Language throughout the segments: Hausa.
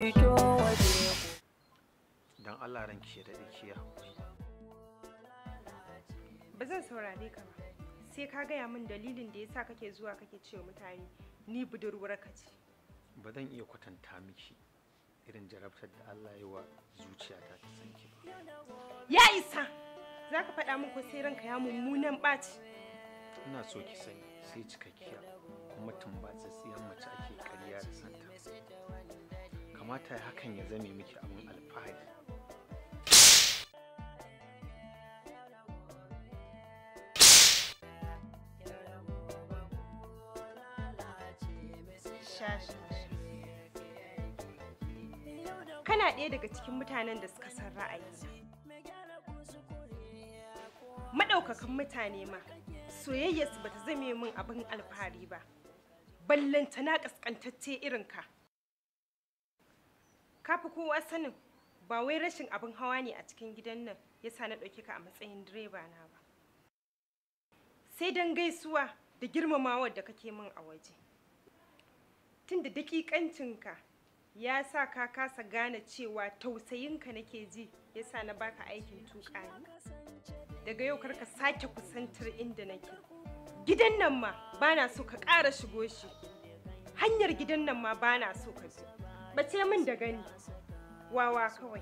Don Allah ranki ya daɗe kiya. Ba zan saurare ka ba. Sai ka gaya min dalilin da yasa kake zuwa kake cewa mutane ni budurwar ka ce. Ba zan iya kwatanta miki irin jarabtar da Allah ya wa zuciyata ta san ba. Ya isa! Za ka faɗa min ko sai ranka ya mummunan ɓaci. Ina so ki sani sai cikakkiya kuma tumbatsatsiyar mace ake karya da sani. kamata hakan ya zame miki abin alfahari kana ɗaya daga cikin mutanen da suka san ra'ayi maɗaukakan mutane ma soyayyarsu bata zame min abin alfahari ba ballanta na ƙasƙantacce irinka kafi kowa sanin ba wai rashin abin hawa ne a cikin gidan nan ya sa na ɗauki ka a matsayin direba na ba sai don gaisuwa da girmamawar da kake min a waje tunda dakikancinka ya sa ka kasa gane cewa tausayinka nake ji ya sa na baka aikin tuƙa ne? daga yau karka sake kusantar inda nake gidan nan ma bana so ka ƙara shigo shi hanyar gidan nan ma bana so ka zo bace min da gani wawa kawai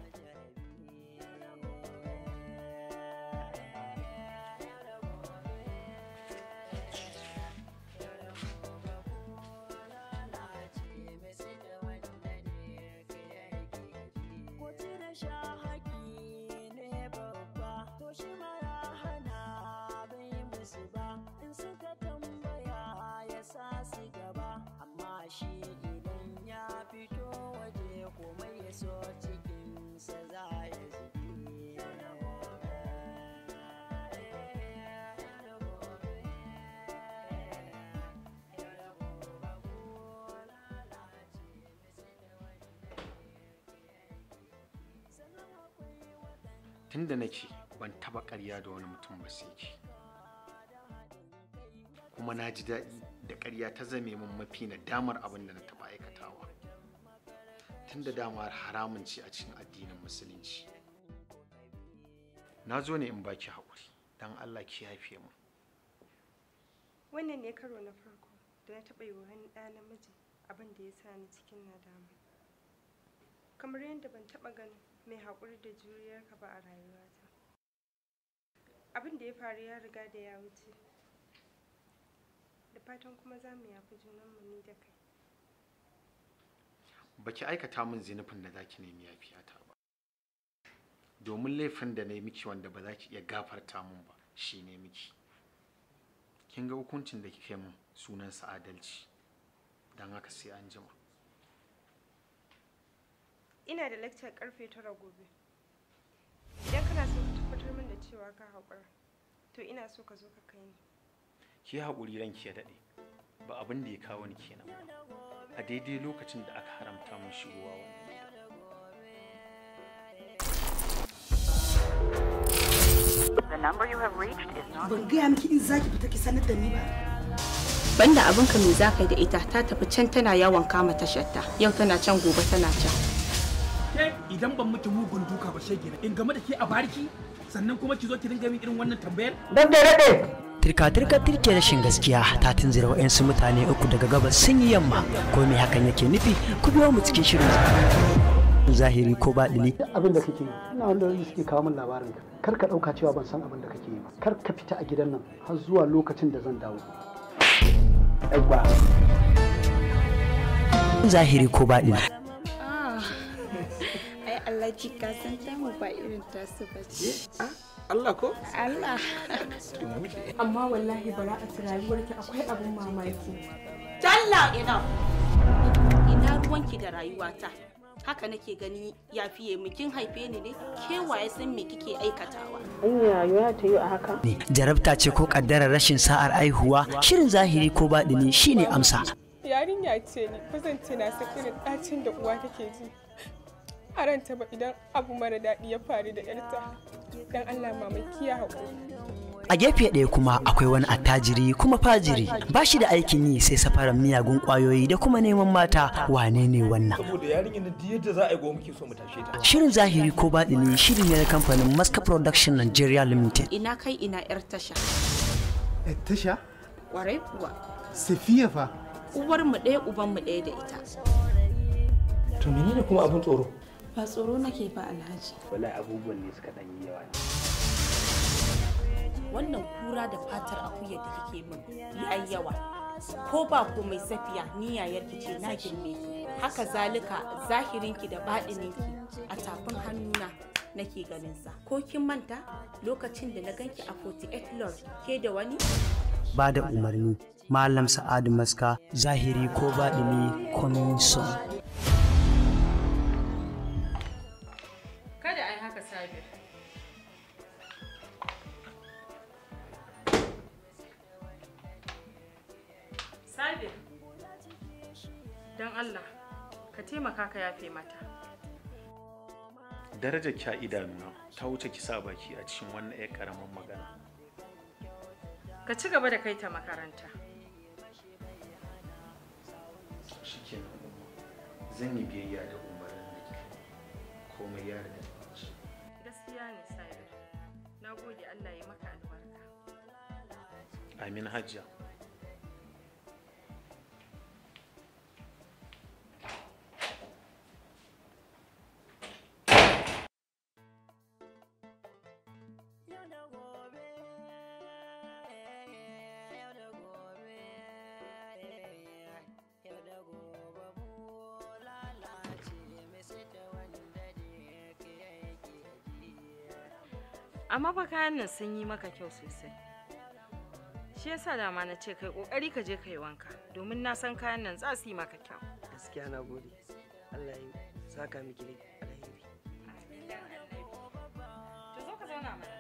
tun tunda nake ban taba ƙarya da wani mutum ba sai kuma na ji daɗi da ƙarya ta zame min mafi na damar abin da na taɓa aikatawa tunda damar haramun ce a cikin addinin musulunci na zo ne in baki haƙuri don allah ki haife mu wannan ne karo na farko da na taɓa yi wa wani ɗa namiji abin da ya sa ni cikin nadama kamar yadda ban taɓa ganin mai haƙuri da ka ba a rayuwata abin da ya faru ya riga da ya wuce da fatan kuma za mu yafi junanmu ni da kai ba ki aikata min zinufin da za ki nemi yafiyata ba domin laifin da na yi miki wanda ba za ki iya gafarta min ba shi ne miki kin ga hukuncin da kike min sunansa adalci don haka sai an jima ina da lecture karfe tara gobe idan kana so ka tabbatar min da cewa ka haƙura to ina so ka zo ka kai ni ki haƙuri ranki ya daɗe ba abin da ya kawo ni kenan a daidai lokacin da aka haramta min shigowa wannan The number you have reached is not. Ban gaya miki in zaki fita ki sanar da ni ba. Banda abinka me za ka yi da ita ta tafi can tana yawon kama tasharta yau tana can gobe tana can. idan ban miki mugun duka ba shege in game da ke a bariki sannan kuma ki zo ki dinga min irin wannan tambayar dan da rade tirka-tirka tirke rashin gaskiya ta tunzira wa'yansu mutane uku daga gabas sun yi yamma ko me hakan yake nufi ku biyo mu cikin shirin zahiri ko baɗini abin da kake ina wanda suke kawo min labarin kar ka ɗauka cewa ban san abin da kake yi ba kar ka fita a gidan nan har zuwa lokacin da zan dawo zahiri ko baɗini baki ka san tamu ba irin tasu ba ce. Eh, ah, Allah ko? Allah. Amma wallahi bara a rayuwarki akwai abin mamaki. Talla ina. Ina ruwanki da rayuwata. Haka nake gani ya fiye mu kin haife ni ne kewaye san me kike aikatawa. Anya ya ta yi a haka. Jarabta ce ko kaddarar rashin sa'ar aihuwa shirin zahiri ko baɗini shine amsa. Yarinya ce ni kusanci na sakirin ɗacin da uwa take ji. a ranta ba idan abu mara daɗi ya faru da yarta don Allah mamaki ya a gefe ɗaya kuma akwai wani attajiri kuma fajiri ba shi da aikin yi sai safarar miyagun ƙwayoyi da kuma neman mata wane ne wannan shirin zahiri ko baɗini ne ne na kamfanin maska production nigeria limited ina kai ina yar tasha yar tasha Warai kuwa safiya fa uwar mu ɗaya uban mu ɗaya da ita to menene kuma abin tsoro Ba tsoro nake ba Alhaji. Wallahi abubuwan ne suka dan yawa. Wannan kura da fatar akuya da kake min ai yawa. Ko ba ko mai safiya ni yayar ki ce na girme ki. Haka zalika zahirinki da baɗininki a tafin hannuna nake ganin sa. Ko kin manta lokacin da na ganki a 48 Lord ke da wani? Ba da umarni. Malam Sa'adu Maska zahiri ko baɗini komin son. Allah ka taimaka ka yafe mata darajar kya idanuna ta wuce kisa baki a cikin wannan ɗaya karaman magana ka ci gaba da kai ta makaranta shikenan zan yi biyayya da umarnin da kika komai ya riga gaskiya ne sai na gode Allah ya maka albarka amin hajjia Amma fa kayan nan sun yi maka kyau sosai. Shi yasa dama na ce kai kokari ka je kai wanka domin na san kayan nan za su yi maka kyau. Gaskiya na gode. Allah ya saka miki alheri. To zo ka zauna mana.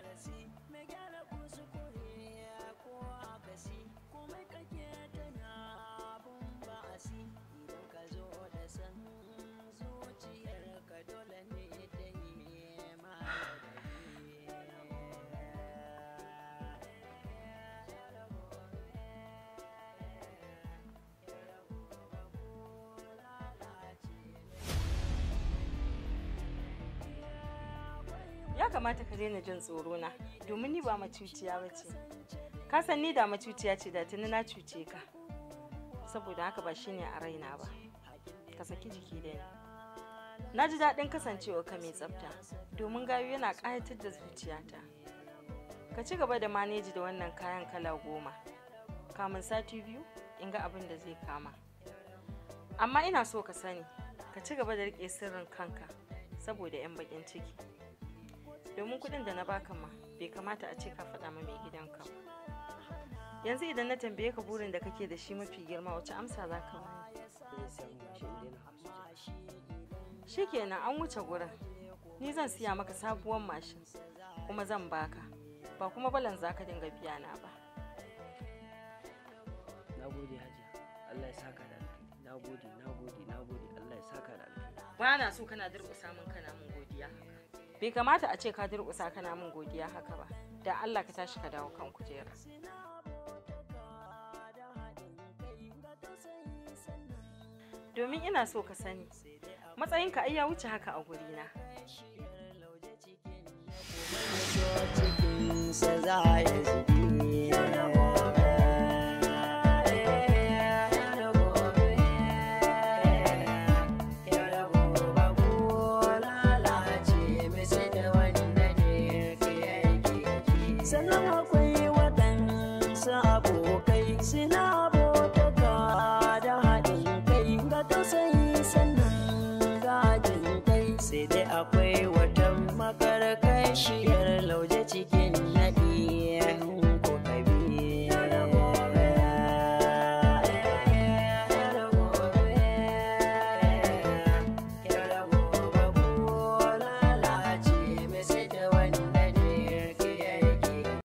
kamata ka daina jin tsoro na domin ni ba macuciya ba ce ka san ni da macuciya ce da tuni na cuce ka saboda haka ba shine a raina ba ka saki jiki da ni na ji daɗin kasancewa ka mai tsafta domin gayu yana ƙayatar da zuciyata ka ci gaba da maneji da wannan kayan kala goma kamun sati biyu in ga abin da zai kama amma ina so ka sani ka ci gaba da riƙe sirrin kanka saboda 'yan bakin ciki domin kuɗin da na baka ma bai kamata a ce ka faɗa ma mai gidanka ba yanzu idan na tambaye ka burin da kake da shi mafi girma wace amsa za ka shi kenan an wuce gurin ni zan siya maka sabuwar mashin kuma zan baka ba kuma balan za ka dinga biya na ba na gode hajiya allah ya saka da na gode na gode na gode allah ya saka da ba na so kana durƙusa min kana mun godiya bai kamata a ce ka durƙusa kana min godiya haka ba da Allah ka tashi ka dawo kan kujera domin ina so ka sani matsayinka ai ya wuce haka a gurina na za